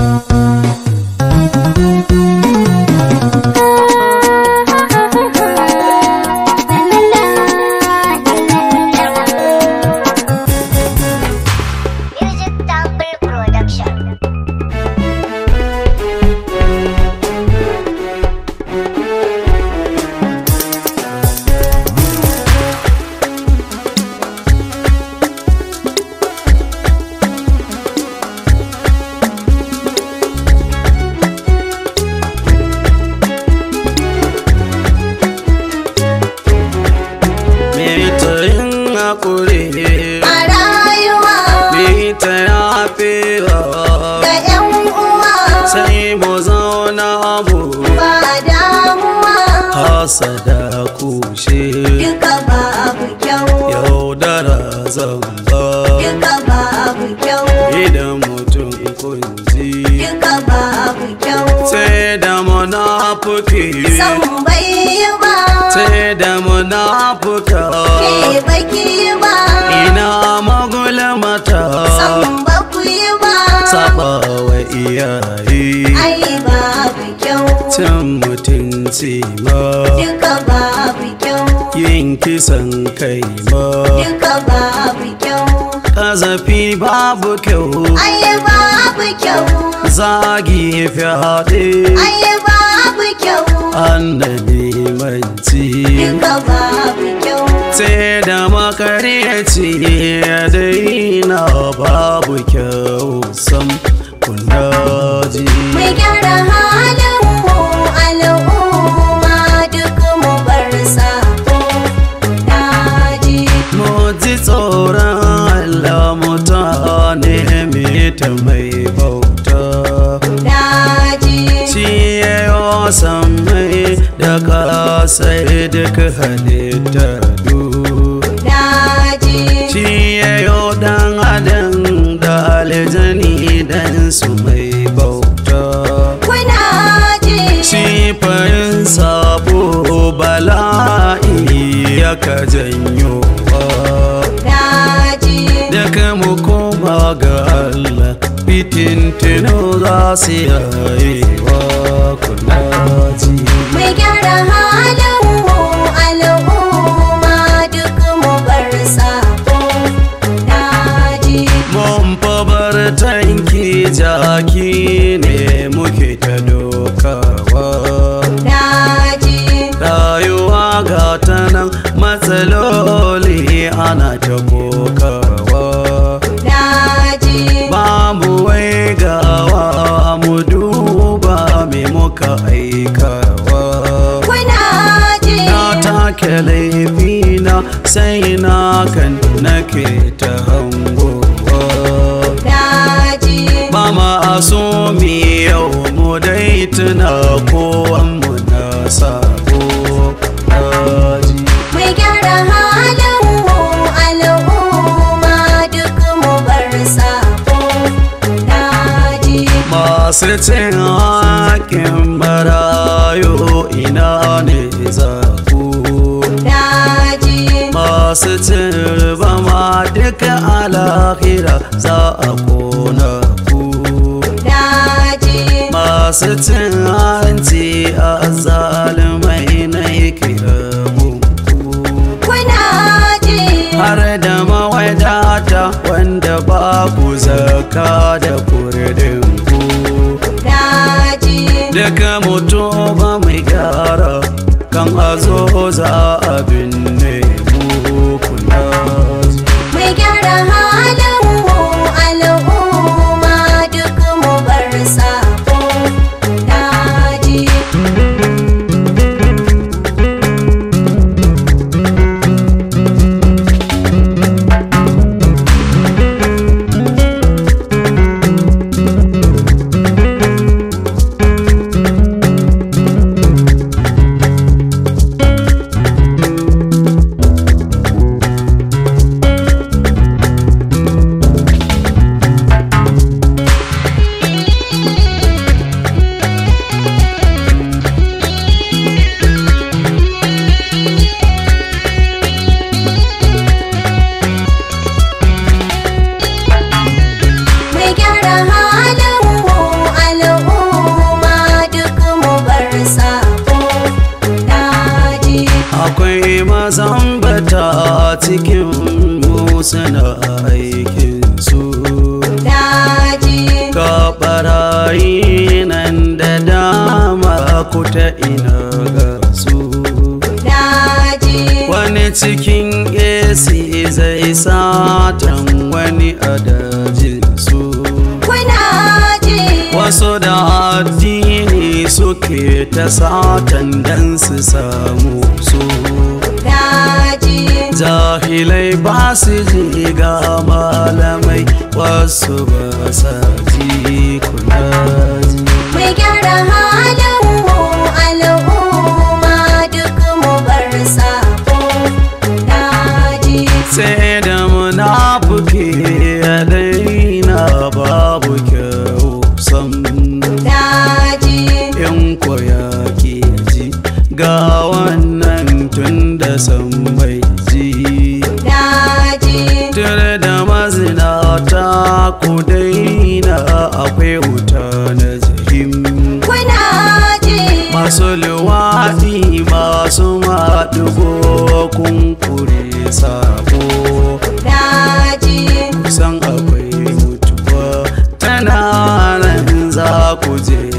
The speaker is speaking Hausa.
Thank you. haƙuri a rayuwa mai ta yafe ga yan uwa sai mu zauna mu ba damuwa hasada kushe duka babu kyau yaudara zamba duka babu kyau idan mutum kunji duka babu kyau sai da munafuki zamba sai da munafuka ke baki ba ina magulmata san ba ku yi ba saba wa iyaye ai babu kyau can mutunci ma duka babu kyau yin kisan kai ma duka babu kyau kazafi babu kyau ai babu kyau zagi fi haɗe ai babu kyau annabi mai makaryaci sai da makaryaci ya daina babu kyau sam kundaji mai gyara halin mu al'umma duk mu bar daji mu ji tsoron Allah mutane mai ta mai bauta daji shi yayo sai duka halitta du daji ci yayo dan adam da aljani dan su mai bauta ci farin sabo bala'i ya ka janyo daga mu koma ga Allah fitin tuno za su yi wa ja jaki ne muke ta dokawa rayuwa ga ta nan matsaloli ana ta kokawa ba mu wai gawa mu duba me muka aikawa na take laifina sai na kan nake ta hango so mi yau mu dai tuna kowan mu na sabo daji mai gyara halin mu al'umma duk mu bar daji masu cin hakin marayu ina ne za ku masu cin ba ma duka za a kona masu cin hanci a zalimai na ikiramu har da mawadata wanda babu zaka da kurdin ku daga mutu ba mai gyara kan a zo za abin mazan bata a cikin musana aikin su ka barayi nan da dama ku ta ina ga su wani cikin esi zai satan wani a dajin su wasu da addini suke ta satan dan su samu su jahilai basu su ga malamai wasu ba sa ji kuna mai gyara halin al'umma duk mu bar sako na ji sai da munafuki ya daina babu kyau sam na ji in ji ga wannan tun da san luwaɗi masu maɗigo kun kure sabo daji san akwai mutuwa tana nan za ku je